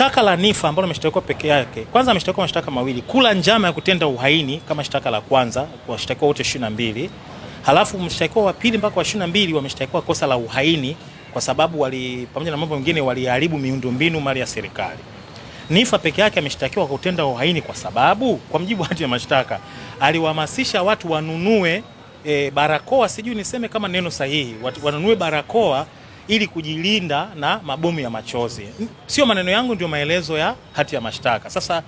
Shtaka la Niffer ambalo ameshtakiwa peke yake, kwanza ameshtakiwa mashtaka mawili, kula njama ya kutenda uhaini kama shtaka la kwanza, washtakiwa wote 22, halafu mshtakiwa wa pili mpaka wa 22 wameshtakiwa kosa la uhaini kwa sababu wali, pamoja na mambo mengine, waliharibu miundombinu, mali ya serikali. Niffer peke yake ameshtakiwa kwa kutenda uhaini kwa sababu kwa mjibu wa hati ya mashtaka aliwahamasisha watu wanunue e, barakoa, sijui niseme kama neno sahihi, wanunue barakoa ili kujilinda na mabomu ya machozi. Sio maneno yangu, ndio maelezo ya hati ya mashtaka. Sasa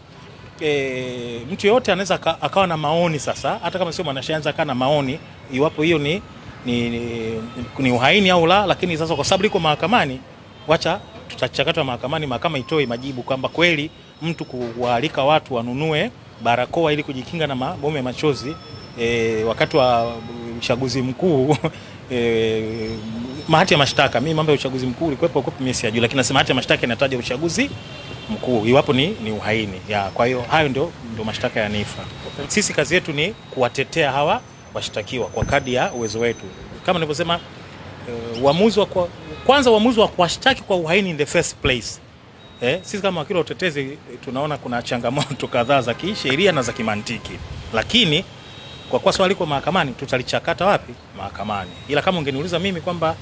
e, mtu yeyote anaweza akawa na maoni sasa, hata kama sio mwanasheria akawa na maoni iwapo hiyo ni, ni, ni, ni uhaini au la, lakini sasa kwa sababu liko mahakamani, wacha tutachakatwa mahakamani, mahakama itoe majibu kwamba kweli mtu kuwaalika watu wanunue barakoa ili kujikinga na mabomu ya machozi e, wakati wa uchaguzi mkuu e, mahati ya mashtaka, mimi mambo ya uchaguzi mkuu ulikuwepo kwa mimi sijui, lakini nasema hati ya mashtaka inataja uchaguzi mkuu iwapo ni, ni uhaini ya. Kwa hiyo hayo ndio, ndio mashtaka ya Nifa. Sisi kazi yetu ni kuwatetea hawa washtakiwa kwa kadi ya uwezo wetu, kama nilivyosema eh, uamuzi wa kwa, kwanza uamuzi wa kuwashtaki kwa uhaini in the first place eh, sisi kama wakili wa utetezi eh, tunaona kuna changamoto kadhaa za kisheria na za kimantiki, lakini kwa kuwa swali liko mahakamani tutalichakata wapi? Mahakamani. Ila kama ungeniuliza mimi kwamba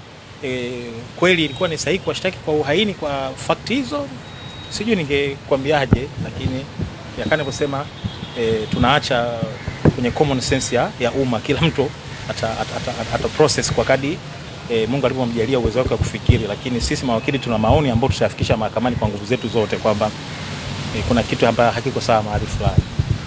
e, kweli ilikuwa ni sahihi kuwashtaki kwa uhaini kwa fakti hizo, sijui ningekwambiaje, lakini yakani kusema e, tunaacha kwenye common sense ya, ya umma. Kila mtu ata, ata, ata, ata process kwa kadi e, eh, Mungu alivyomjalia uwezo wake wa kufikiri, lakini sisi mawakili tuna maoni ambayo tutayafikisha mahakamani kwa nguvu zetu zote kwamba e, kuna kitu ambacho hakiko sawa mahali fulani.